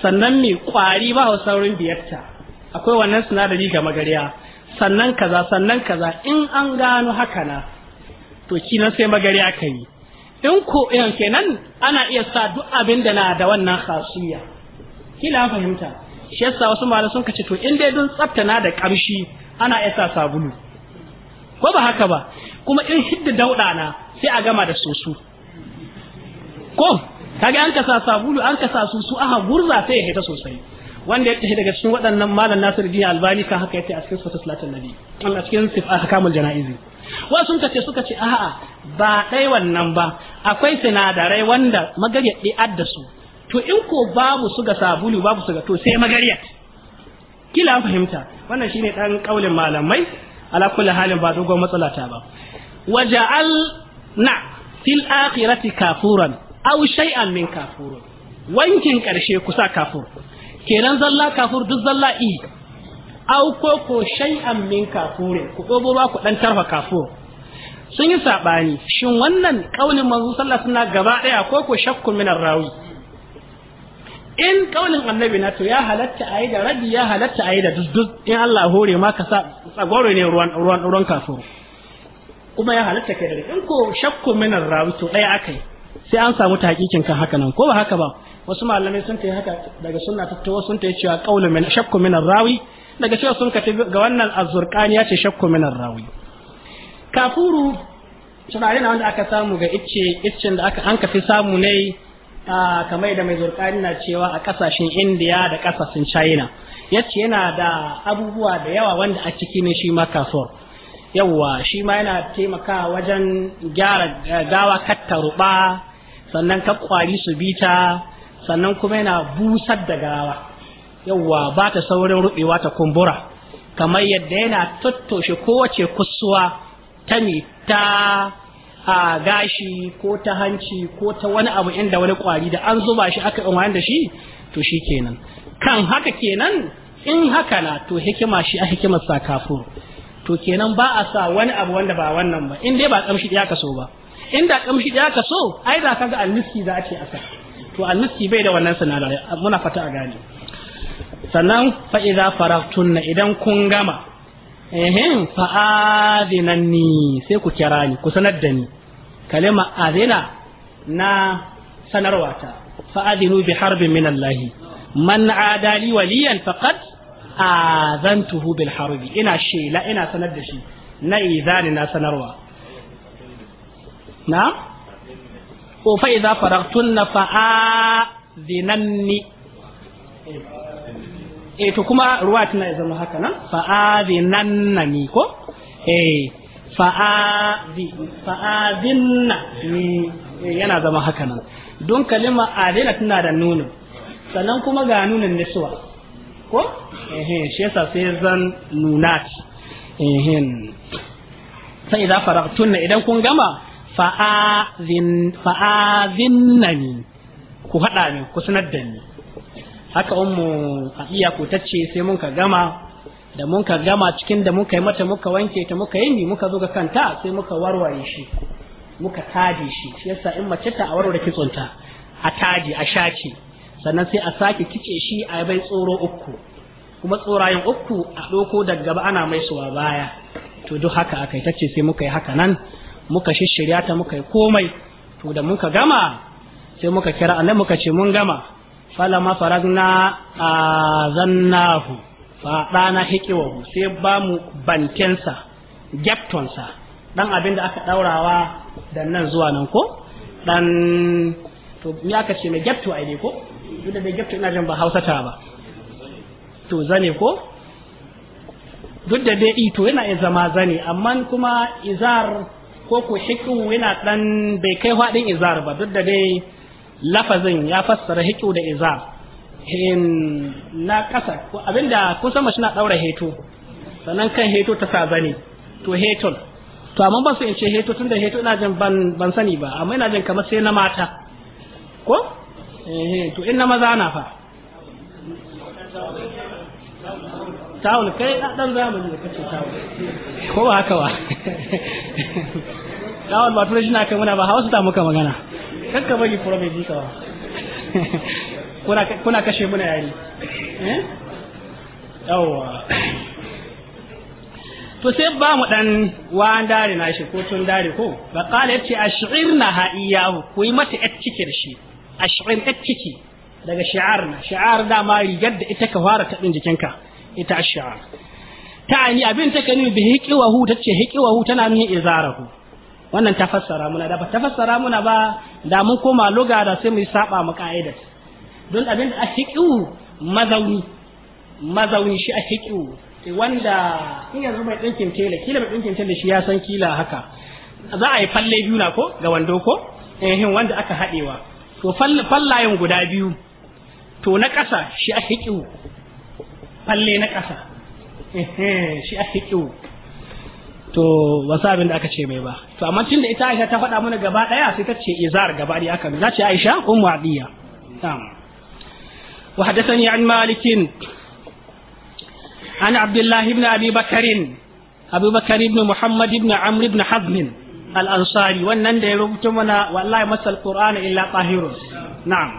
sannan mi kwari ba saurin biyarta akwai wannan sinadari ga magariya sannan kaza sannan kaza in an gano haka na to kinan sai magariya ka yi in ko yan eh, kenan ana iya sa duk abin da na da wannan khasiyya kila fahimta shi yasa wasu malamai sun kace to in dai dun tsafta na da kamshi ana iya sa sabulu ko ba haka ba kuma in hidda dauɗa na sai a gama da sosu ko kage an kasa sabulu an kasa sosu aha gurza sai ya hita sosai wanda ya tafi daga cikin waɗannan malam Nasir din Albani kan haka yace a cikin sifatu salatin nabi a cikin ahkamul janaizi wasu suka kace suka ce a'a ba dai wannan ba akwai sinadarai wanda magarya dai adda su to in ko babu su ga sabulu babu su ga to sai magariyar kila fahimta wannan shine dan kaulin malamai ala kulli halin ba dogon matsala ta ba waja'al na fil akhirati kafuran aw shay'an min kafur wankin karshe kusa kafur kenan zalla kafur duk zalla i aw ko ko shay'an min kafur ku gobo ba ku dan tarfa kafur sun yi sabani shin wannan kaulin manzo sallallahu alaihi wasallam gaba daya ko ko shakkun min rawi in kaulin annabi na to ya halatta a yi da rabi ya halatta a yi da duk in Allah hore ma ka sa tsagwaro ne ruwan ruwan ruwan kafuru kuma ya halatta kai da in ko shakku min rawi to daya akai sai an samu tahqiqin kan haka nan ko ba haka ba wasu malamai sun ta haka daga sunna ta sun ta yi cewa qaulu min shakku min rawi daga cewa sun ka ga wannan azurqani ya ce shakku min rawi kafuru tunare na wanda aka samu ga icce iccen da aka an ka fi samu ne Ah, kamar da mai zurkani na cewa a kasashen indiya da kasashen china ya ce yana da abubuwa da yawa wanda a ciki ne shi ma kasuwar yawwa shi ma yana taimaka wajen gyara eh, gawa katta ruɓa sannan ka kwari su bita sannan kuma yana busar da gawa yawwa ba ta saurin ruɓewa ta kumbura kamar yadda yana tattoshe kowace kusuwa ta ta a gashi ko ta hanci ko ta wani abu inda wani kwari da an zuba shi aka yi da shi to shi kenan kan haka kenan in haka na to hikima shi a hikimar sa to kenan ba a sa wani abu wanda ba wannan ba in dai ba kamshi ɗaya ka so ba in da kamshi ɗaya ka so ai za ka ga almiski za a ce a sa to almiski bai da wannan sinadarai muna fata a gane sannan fa'iza faraftunna idan kun gama ehem fa'adinanni sai ku kira ni ku sanar da ni kalima azina na sanarwa ta fa'adinu bi harbin minallahi Allah man adali waliyan faqad azantuhu bil harbi ina shela ina sanar da shi na izani na sanarwa na ko fa na faragtunna fa'adinanni E to kuma ruwa tana ya zama haka nan fa'adinanna ni ko eh fa'adi fa'adinna ni eh, yana zama haka nan don kalima adina tana da nunin sannan kuma ga nunin niswa ko eh shi yasa sai zan nunat eh sai idan faragtunna idan kun gama fa'adin fa'adinnani ku hada ni ku sanar da ni haka ummu iya ko tace sai mun ka gama da mun ka gama cikin da muka yi mata muka wanke ta muka yi ni muka zo ga kanta sai muka warware shi muka taji shi shi yasa in mace ta a warware kitsonta a taji a shaci sannan sai a sake kice shi a bai tsoro uku kuma tsorayen uku a ɗauko daga gaba ana mai suwa baya to duk haka aka yi tace sai muka yi haka nan muka shishirya ta muka yi komai to da muka gama sai muka kira annabi muka ce mun gama falama faragna zannahu fa dana hikiwahu sai ba mu bantensa gyaptonsa dan abin da aka daurawa da nan zuwa nan ko dan to ya aka ce mai gyapto ai ne ko duk da mai gyapto ina jin ba Hausa ta ba to zane ko duk da dai to yana iya zama zane amma kuma izar ko ko hikiwu yana dan bai kai faɗin izar ba duk da dai lafazin ya fassara hiƙu da iza in na ƙasa abinda san mace na ɗaura heto sannan kan heto ta sa to heton to amma ba su in ce heto tunda heto ina jin ban ban sani ba amma ina jin kamar sai na mata ko eh to in na maza na fa tawul kai dan zamani ne kace tawul ko ba haka ba tawul ba shi na kai muna ba hausa ta muka magana kan ka bari kura mai ji ka kuna kashe muna yari eh? yawwa to sai ba mu dan wa dare na shi ko tun dare ko ba kala yace ash'irna ha iyahu ku yi mata yar ciki da shi ash'ir yar ciki daga shi'arna shi'ar da ma rigar da ita ka fara tabin jikinka ita ash'ar ta'ani abin take ni bi hiqwahu tace hiqwahu tana nuni izarahu wannan ta fassara muna da ba ta fassara muna ba da mun koma luga da sai mu yi saba mu ka'idar don abin da ashiqu mazauni mazauni shi ashiqu wanda in yanzu mai dinkin tela kila mai dinkin tela shi ya san kila haka za a yi falle biyu na ko ga wando ko eh wanda aka hadewa to fallayen guda biyu to na ƙasa shi ashiqu falle na ƙasa eh, eh, shi ashiqu to ba sa da aka ce mai ba to amma tun da ita Aisha ta faɗa mana gaba ɗaya sai ta ce izar gaba ɗaya aka za ce Aisha ummu Adiya wa hadathani an malikin an Abdullah ibn Abi Bakar Abu Bakar ibn Muhammad ibn Amr ibn Hazm al-Ansari wannan da ya rubuta mana wallahi masal Qur'ana illa tahirun na'am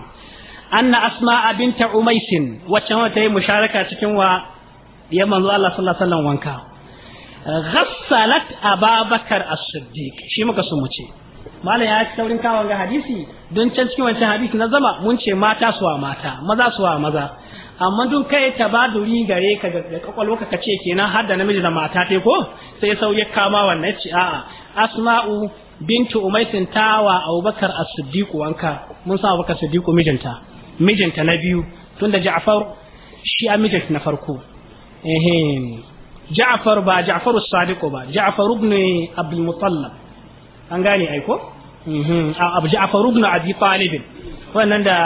anna asma'a binta umais wacce ta yi musharaka cikin wa ya manzo Allah sallallahu alaihi wasallam wanka ghassalat ababakar as-siddiq shi muka so mu ce malam ya ci taurin kawon ga hadisi don can cikin wancan hadisi na zama mun ce mata suwa mata maza suwa maza amma dun kai ta tabaduri gare ka ga kwakwalwa ka kace kenan har da namiji da mata tai ko sai sauye kama wannan ci a'a asma'u bintu ta tawa abubakar as-siddiq wanka mun sa abubakar siddiq mijinta mijinta na biyu tunda ja'far shi a mijinta na farko ehem Ja'far ba Ja'far as ba Ja'far ibn Abdul an gane aiko. Mhm. Abu Ja'far ibn Abi Talib wannan da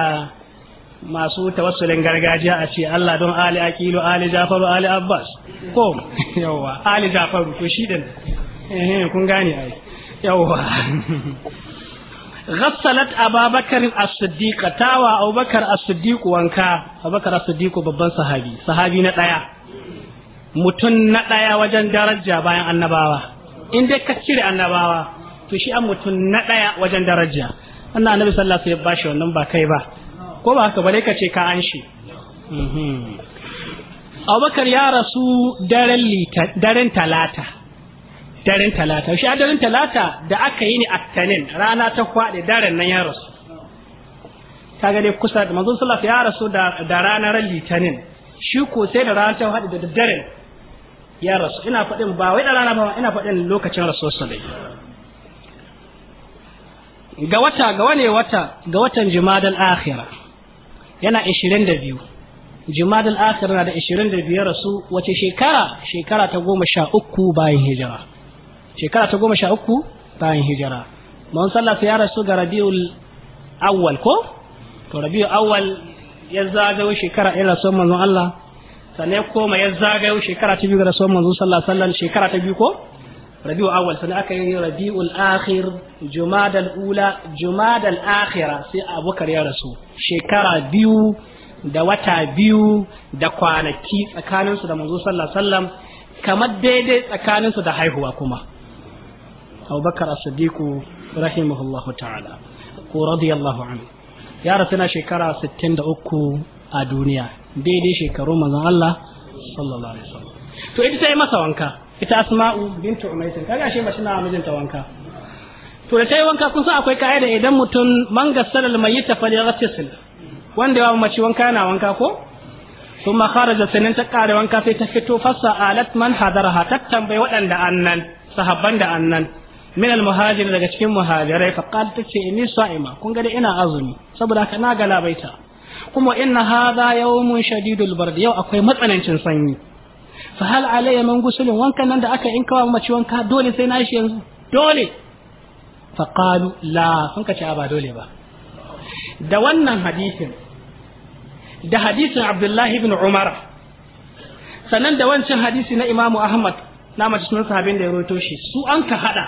masu tawassulin gargajiya a ce Allah don Ali Aqilu Ali Ja'far Ali Abbas ko Yawwa Ali Ja'far to shi din eh kun gane ai yawa غسلت أبا بكر tawa تاوى أبو بكر wanka? Abubakar أبو بكر الصديق Sahabi صحابي صحابي mutum na ɗaya wajen daraja bayan annabawa in dai ka cire annabawa to shi an mutum na ɗaya wajen daraja annan annabi sallallahu alaihi wasallam ba shi wannan ba kai ba ko ba haka bare ka ce ka an shi mhm. Abubakar ya rasu daren daren talata daren talata shi a daren talata da aka yi ni attanin rana ta kwaɗe daren nan ya rasu Ta dai kusa da manzon sallallahu ya rasu da ranar litinin shi ko sai da ranar ta kwaɗe da daren ya rasu ina faɗin ba wai da rana ba ina faɗin lokacin rasuwar sa dai ga wata ga wane wata ga watan jumadal akhira yana 22 jumadal akhira na da 25 rasu wace shekara shekara ta goma sha uku bayan hijira shekara ta goma sha uku bayan hijira mun sallafa ya rasu ga rabiul awwal ko to rabiul awwal ya zagayo shekara ila son manzon Allah sannan koma ya zagayo shekara ta biyu ga rasuwar manzo sallallahu alaihi wasallam shekara ta biyu ko rabiul awwal sannan aka yi rabiul akhir jumadal ula jumadal akhira sai abubakar ya rasu shekara biyu da wata biyu da kwanaki tsakaninsu da manzo sallallahu alaihi wasallam kamar daidai tsakaninsu da haihuwa kuma abubakar as-siddiqu rahimahullahu ta'ala ko radiyallahu anhu ya rasu na shekara 63 a duniya daidai shekaru manzon Allah sallallahu alaihi wasallam to ita ta yi masa wanka ita asma'u bintu umaysin kaga shi mace na mijinta wanka to da ta yi wanka kun san akwai ka'ida idan mutum man gassara almayyita falyaghtasil wanda ya mace wanka yana wanka ko thumma kharaja sanan ta kare wanka sai ta fito fasa alat man hadaraha ta tambayi waɗanda annan sahabban da annan min almuhajir daga cikin muhajirai fa qalat ta ce inni sa'ima kun ga ina azumi saboda haka na galabaita kuma inna hadha yawmun shadidul bard yau akwai matsanancin sanyi fa hal alayya min gusulin wankan nan da aka in kawo mace wanka dole sai na shi yanzu dole fa qalu la sun kace ba dole ba da wannan hadisin da hadisin Abdullah ibn Umar sannan da wancan hadisi na Imam Ahmad na mace sunan sahabin da ya roto shi su an ka hada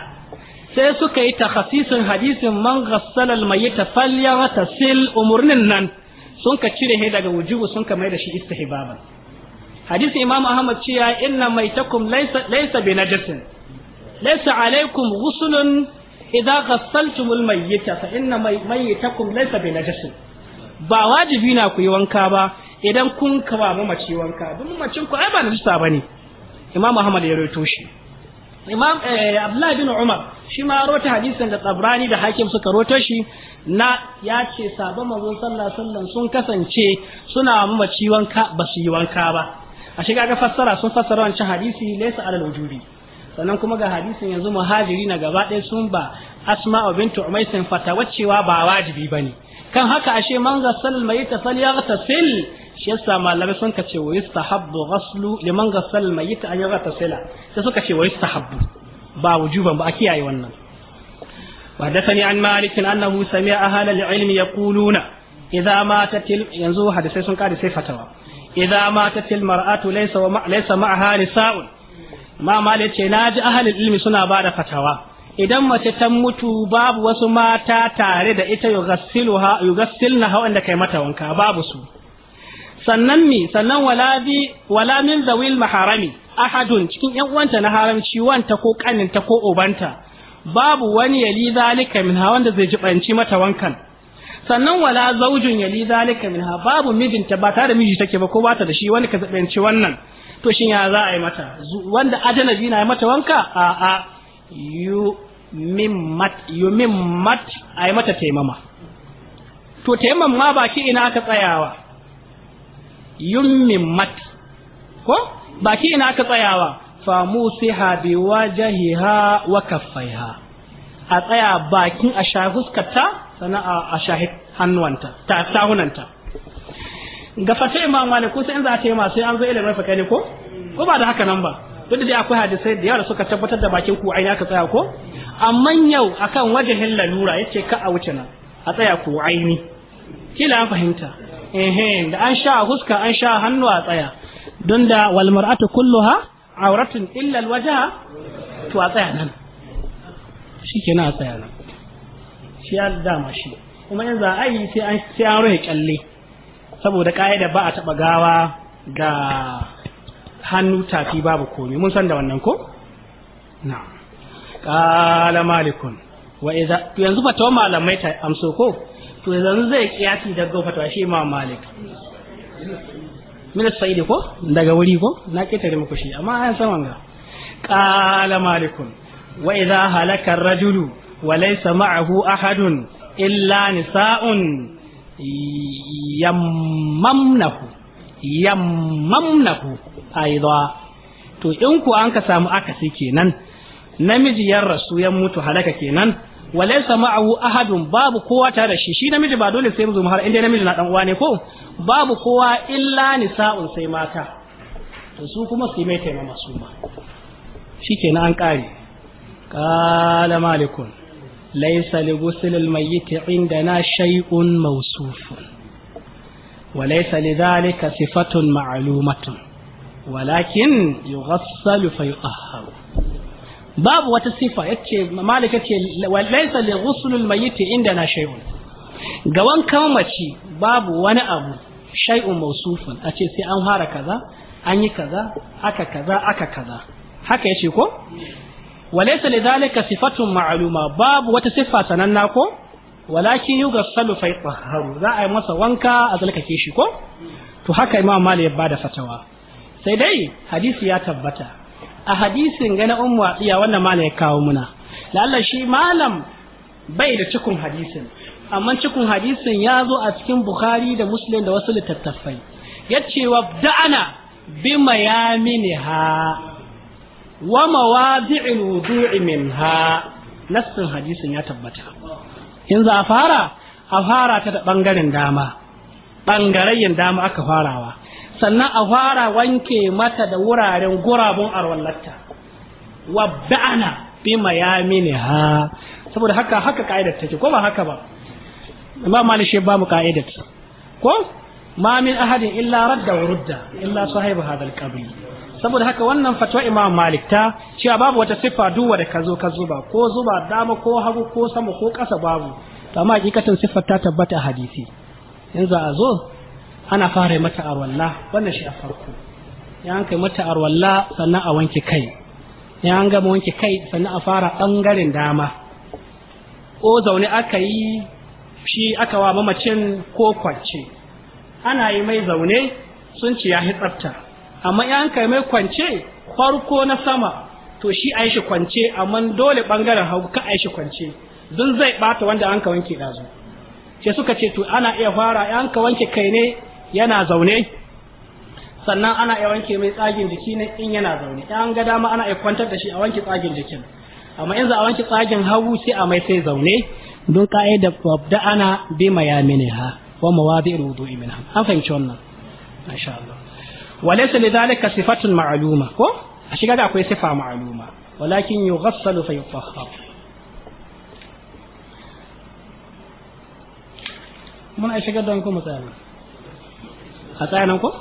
sai suka yi takhasisin hadisin man ghassala al-mayyita falyaghtasil umurnin nan sun ka cire he daga wujubu sun ka mai da shi istihbaba hadisi imam ahmad cewa inna maitakum laysa laysa bi najasin laysa alaykum ghuslun idza ghassaltum al mayyita fa inna mayyitakum laysa bi najasin ba wajibi na ku yi wanka ba idan kun ka ba mace wanka Duk mamacin ku ai ba na najisa bane imam ahmad ya rawaito shi imam eh, abdullahi bin umar shi ma rota hadisin da tsabrani da hakim suka roto shi na ya ce sabon manzon sallah sallan sun kasance suna mamaci wanka ba su yi wanka ba a shiga ga fassara sun fassara wancan hadisi laysa alal wujubi sannan kuma ga hadisin yanzu muhajiri na gaba ɗaya sun ba asma'u bintu umaisin fatawa cewa ba wajibi bane kan haka ashe man ya mayyita falyaghtasil shi yasa malamai sun ka ce wa ya ghaslu liman ghassal mayyita an yaghtasila sai suka ce wa yustahabbu ba wujuban ba a kiyaye wannan وحدثني عن مالك أنه سمع أهل العلم يقولون إذا ماتت ينزو حدثي سنك حدثي فتوى إذا ماتت المرأة ليس, ومع ليس معها نساء ما مالك ناج أهل العلم سنة بعد فتوى idan mace ta mutu babu wasu mata tare da ita yugassilnaha wanda kai mata wanka babu su sannan mi sannan wala min zawil maharami ahadun cikin yan uwanta na haramci wanta ko kaninta ko obanta babu wani yali zalika minha wanda zai jibanci mata wankan sannan wala zaujun yali zalika minha babu mijinta ba ta da miji take ba ko bata da shi wani ka zabanci wannan to shin ya za a yi mata wanda ajanabi na yi mata wanka a a yu mat yu mimmat a yi mata taimama to taimama ma ki ina aka tsayawa yun mat. ko ba ki ina aka tsayawa famusiha bi wajahiha wa kaffaiha a tsaya bakin a sha huskarta sana a sha hannuwanta ta tahunanta ga fata imam malik ko sai in za ta yi ma sai an zo ilimin fiqh ne ko ko ba da haka nan ba duk da akwai hadisai da yawa suka tabbatar da bakin ku aina ka tsaya ko amma yau akan wajahin lalura yace ka a wuce nan a tsaya ku aini kila an fahimta eh da an sha huska an sha hannu a tsaya don da wal mar'atu kulluha auratun illal waja to a tsaya nan shi ke na tsaya nan shi ya dama shi kuma yanzu a ayi sai an sai an rohe kyalle saboda ka'ida ba a taba gawa ga hannu tafi babu komai mun san da wannan ko na kala malikun wa to yanzu to malamai ta amso ko to yanzu zai kiyasi daga fatawa shi ma malik min as-sa'id ko daga wuri ko na ketare muku shi amma an san wanga qala malikun wa idha halaka ar-rajulu wa laysa ma'ahu ahadun illa nisa'un yammamnahu yammamnahu aidha to in ko anka samu akasi kenan namiji ya rasu ya mutu halaka kenan walaysa ma'ahu ahadun babu kowa tare da shi shi namiji ba dole sai mu har inda namiji na dan uwa ne ko babu kowa illa nisa'un sai mata to su kuma su mai taimama masu ma shikenan an kare qala malikun laysa li ghusl al mayyit indana shay'un mawsufun وليس لذلك صفة معلومة ولكن يغسل فيطهر babu wata sifa yace malik yace walaysa li ghuslul mayyit na shay'un ga wankan mace babu wani abu shay'un mawsufun a ce sai an fara kaza an yi kaza aka kaza aka kaza haka yace ko walaysa lidhalika sifatun ma'luma babu wata sifa sananna ko walakin yughassalu fa yatahharu za a yi masa wanka a zalkake shi ko to haka imam malik ya bada fatawa sai dai hadisi ya tabbata a hadisin ga na a wannan malam ya kawo muna Lallai shi malam bai da cikin hadisin amma cikin hadisin ya zo a cikin bukhari da muslim da wasu littattafai ya ce wa da'ana bi mayaminiha wa mawadi'il wudu'i minha nassin hadisin ya tabbata in za a fara a fara ta da bangaren dama bangarayen dama aka farawa sannan a fara wanke mata da wuraren gurabun arwallarta wa ba'ana bi mini ha saboda haka haka ka'idar take ko ba haka ba amma malik shi ba mu ka'idar ko ma min ahadin illa radda wa rudda illa sahibu hadal qabri saboda haka wannan fatwa imam malik ta cewa babu wata siffa duwa da kazo ka zuba ko zuba dama ko hagu ko sama ko ƙasa babu amma hakikatin siffar ta tabbata a hadisi in za a zo ana fara mata arwalla wannan shi a farko ya an kai mata arwalla sannan a wanke kai ya an gama wanke kai sannan a fara ɓangaren dama ko zaune aka yi shi aka wa mamacin ko kwance ana yi mai zaune sun ce ya tsafta amma ya an kai mai kwance farko na sama to shi a yi shi kwance amma dole ɓangaren hagu ka a yi shi kwance don zai ɓata wanda an ka wanke ɗazu sai suka ce to ana iya fara an ka wanke kai ne yana zaune sannan ana iya wanke mai tsagin jiki ne in yana zaune in an ga dama ana iya kwantar da shi a wanke tsagin jikin amma in za a wanke tsagin hagu sai a mai sai zaune don ka'ida da ana bi ha wa zai wudu'i imina an fahimci wannan masha Allah walaysa lidhalika sifatun ma'luma ko a shiga da akwai sifa ma'luma walakin yughassalu fa yutahhar mun a shiga don kuma tsaya أتعلمكم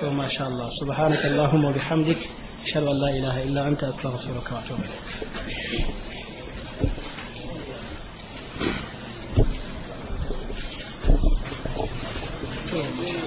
ثم ما شاء الله سبحانك اللهم وبحمدك أشهد أن لا إله إلا أنت أستغفرك وأتوب إليك